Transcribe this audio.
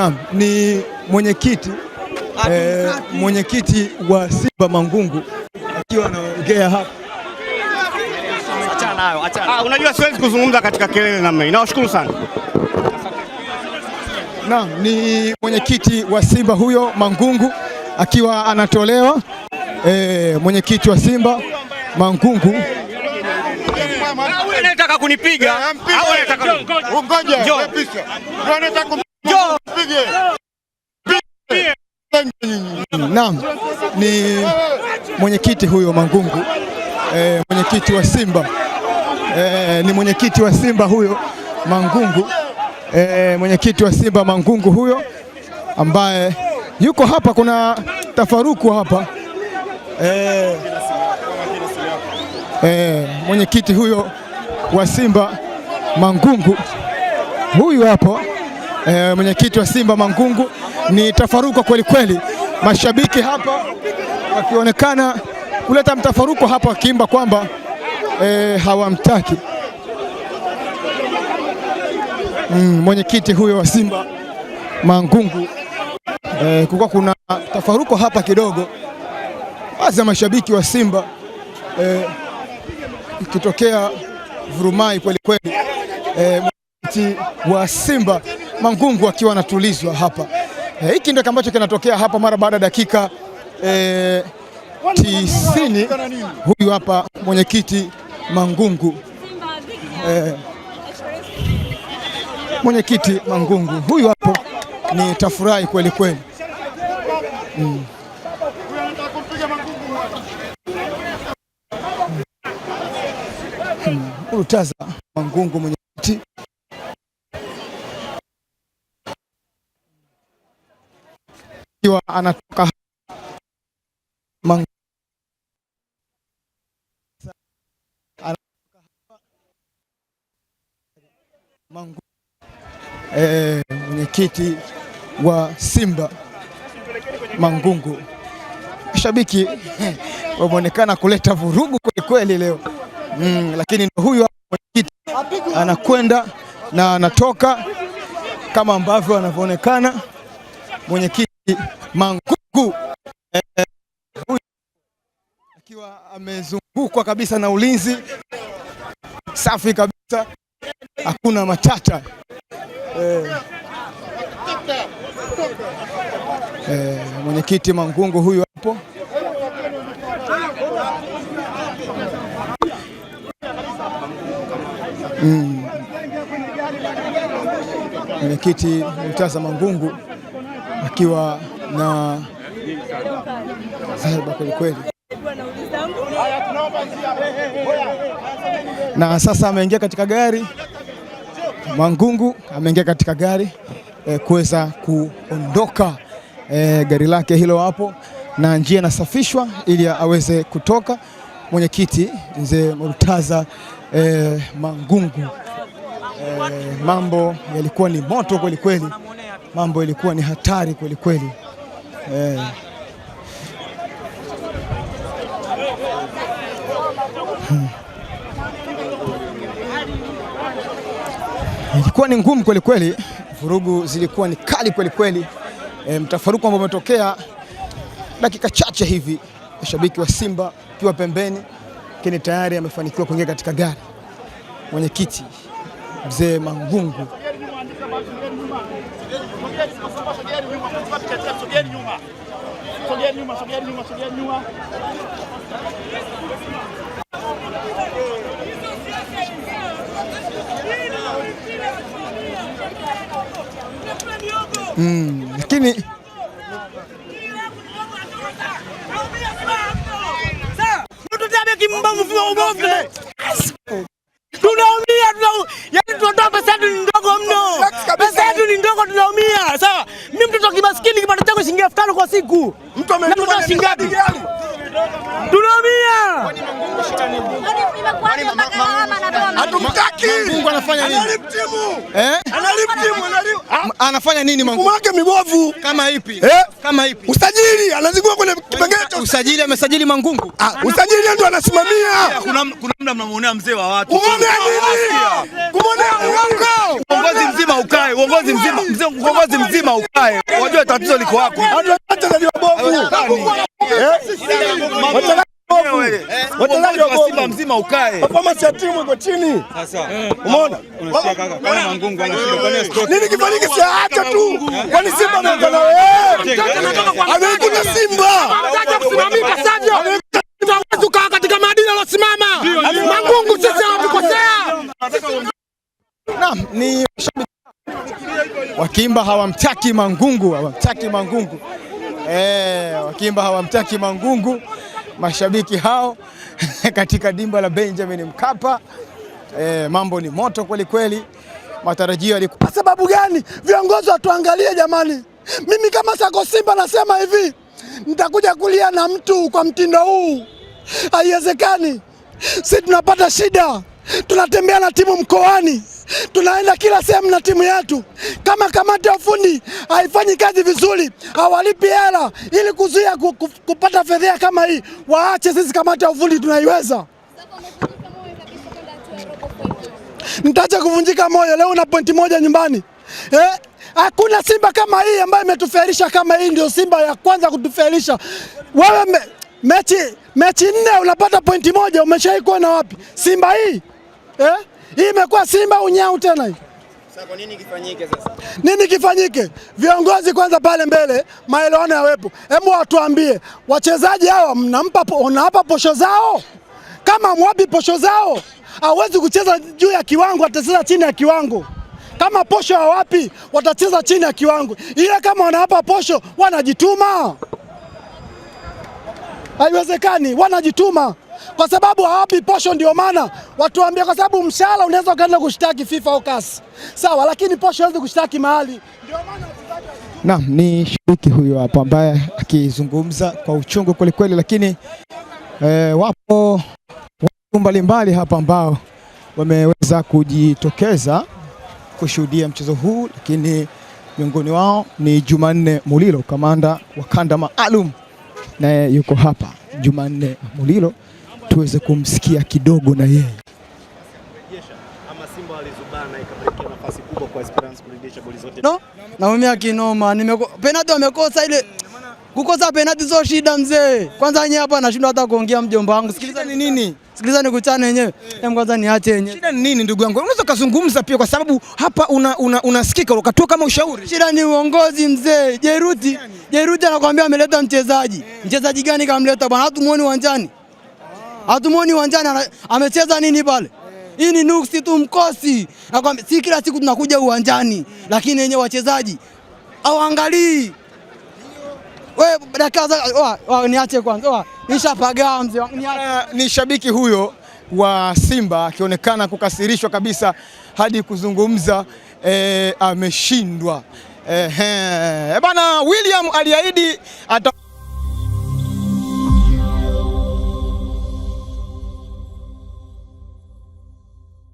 Naam, ni mwenyekiti eh, mwenyekiti wa Simba Mangungu akiwa anaongea hapa. Achana nayo, achana. Ah, unajua siwezi kuzungumza katika kelele namna hii. Nawashukuru sana. Naam, ni mwenyekiti wa Simba huyo Mangungu akiwa anatolewa eh, mwenyekiti wa Simba Mangungu eh, anataka kunipiga au ngoja Naam, ni mwenyekiti huyo Mangungu e, mwenyekiti wa Simba e, ni mwenyekiti wa Simba huyo Mangungu e, mwenyekiti wa Simba Mangungu huyo ambaye yuko hapa. Kuna tafaruku hapa e, e, mwenyekiti huyo wa Simba Mangungu huyu hapo e, mwenyekiti wa Simba Mangungu. Ni tafaruko kweli kweli, mashabiki hapa wakionekana kuleta mtafaruko hapa, wakiimba kwamba e, hawamtaki mm, mwenyekiti huyo wa Simba Mangungu. E, kulikuwa kuna tafaruko hapa kidogo, baadhi ya mashabiki wa Simba e, ikitokea vurumai kweli kweli. E, wa Simba Mangungu akiwa anatulizwa hapa. Eh, hiki e, ndio ambacho kinatokea hapa mara baada ya dakika e, tisini. Huyu hapa mwenyekiti Mangungu e, mwenyekiti Mangungu huyu hapo, nitafurahi kweli kweli mm. mm. Urutaza Mangungu mwenye akiwa anatoka Mangu e, mwenyekiti wa Simba Mangungu, shabiki wameonekana kuleta vurugu kwelikweli leo mm, lakini ndio huyu mwenyekiti anakwenda na anatoka kama ambavyo anavyoonekana mwenyekiti Mangungu eh, akiwa amezungukwa kabisa na ulinzi safi kabisa, hakuna matata eh, eh, mwenyekiti Mangungu huyu hapo mm. Mwenyekiti Mtaza Mangungu akiwa na zaruba kwelikweli, na sasa ameingia katika gari Mangungu ameingia katika gari e, kuweza kuondoka e, gari lake hilo hapo, na njia inasafishwa ili aweze kutoka. Mwenyekiti mzee Murtaza e, Mangungu e, mambo yalikuwa ni moto kwelikweli, mambo yalikuwa ni hatari kwelikweli eh. Ilikuwa ni ngumu kweli kweli, vurugu zilikuwa ni kali kweli kweli. E, mtafaruku ambao umetokea dakika chache hivi, mashabiki wa Simba pia pembeni, lakini tayari amefanikiwa kuingia katika gari mwenyekiti mzee Mangungu Sogea nyuma, sogea nyuma, sogea nyuma. Mm, lakini tunaumia, tunaumia, yaani tunatoa pesa yaani yako tunaumia. Sawa, mimi mtoto wa kimaskini, kipato changu shilingi elfu tano kwa siku, mtu ametuma shilingi ngapi? Tunaumia. anafanya nini? Eh? Mungu? Mwake mibovu. Kama ipi? Eh? Kama ipi? Usajili anazingua kwenye kipengele usajili, amesajili Mangungu. Ah, usajili ndio anasimamia. Kuna kuna mda mnamuonea mzee wa watu. Umeona nini? Kumwonea uongo uongozi mzima ukae, uongozi mzima, uongozi mzima ukae. Unajua tatizo liko wapi? Wachezaji wa Simba mzima ukae. Performance ya timu iko chini. Sasa. Umeona? nini kifanyike tu. Kwani Simba wewe. Simba. katika madini Mangungu sasa Naam, ni mashabiki wakimba hawamtaki Mangungu, hawamtaki Mangungu Eh, Wakimba hawamtaki Mangungu mashabiki hao katika dimba la Benjamin Mkapa. E, mambo ni moto kweli kweli, matarajio yalikuwa. Kwa sababu gani viongozi watuangalie jamani? Mimi kama Sako Simba nasema hivi, nitakuja kulia na mtu kwa mtindo huu, haiwezekani. Si tunapata shida, tunatembea na timu mkoani tunaenda kila sehemu na timu yetu. Kama kamati ya ufundi haifanyi kazi vizuri, hawalipi hela ili kuzuia kupata fedhea kama hii, waache sisi, kamati ya ufundi tunaiweza. Nitaacha kuvunjika moyo leo na pointi moja nyumbani eh? Hakuna Simba kama hii ambayo imetufailisha kama hii. Ndio Simba ya kwanza kutufailisha. Wewe me, mechi mechi nne unapata pointi moja, umeshaikuona wapi Simba hii eh? Hii imekuwa Simba unyau tena hii. Sasa nini kifanyike sasa? Nini kifanyike? Viongozi kwanza pale mbele maelewano yawepo. Hebu watuambie wachezaji hawa mnampa unawapa posho zao? Kama mwapi posho zao? Hawezi kucheza juu ya kiwango, atacheza chini ya kiwango. Kama posho hawapi, watacheza chini ya kiwango. Ila kama wanawapa posho, wanajituma. Haiwezekani, wanajituma kwa sababu hawapi posho. Ndio maana watuambia, kwa sababu mshahara unaweza ukaenda kushtaki FIFA au CAS sawa, lakini posho hawezi kushtaki mahali. Ndio maana naam, ni shabiki huyo hapo ambaye akizungumza kwa uchungu kwelikweli, lakini eh, wapo watu mbalimbali hapa ambao wameweza kujitokeza kushuhudia mchezo huu, lakini miongoni wao ni Jumanne Mulilo, kamanda wa kanda maalum, naye yuko hapa. Jumanne Mulilo tuweze kumsikia kidogo na yeye. No, naumia kinoma, penati wamekosa ile kukosa penati sio shida mzee. Kwanza yeye hapa anashindwa hata kuongea mjomba wangu. Sikiliza ni nini? Sikiliza ni kuchana yenyewe. Hem, kwanza niache yenyewe. Shida ni nini ndugu yangu? Unaweza kuzungumza pia kwa sababu hapa una unasikika una ukatoa kama ushauri. Shida ni uongozi mzee. Jeruti, Jeruti anakuambia ameleta mchezaji. Mchezaji gani kamleta bwana? Hatu muone uwanjani. Hatumwoni uwanjani amecheza nini pale? Hii ni nuksi tu, mkosi. Nakwambia si kila siku tunakuja uwanjani, lakini wenyewe wachezaji hawaangalii. Wewe dakika za niache kwanza, nishapagaa mzee. Eh, ni shabiki huyo wa Simba akionekana kukasirishwa kabisa hadi kuzungumza e, ameshindwa. Ehe, eh, bana William aliahidi ata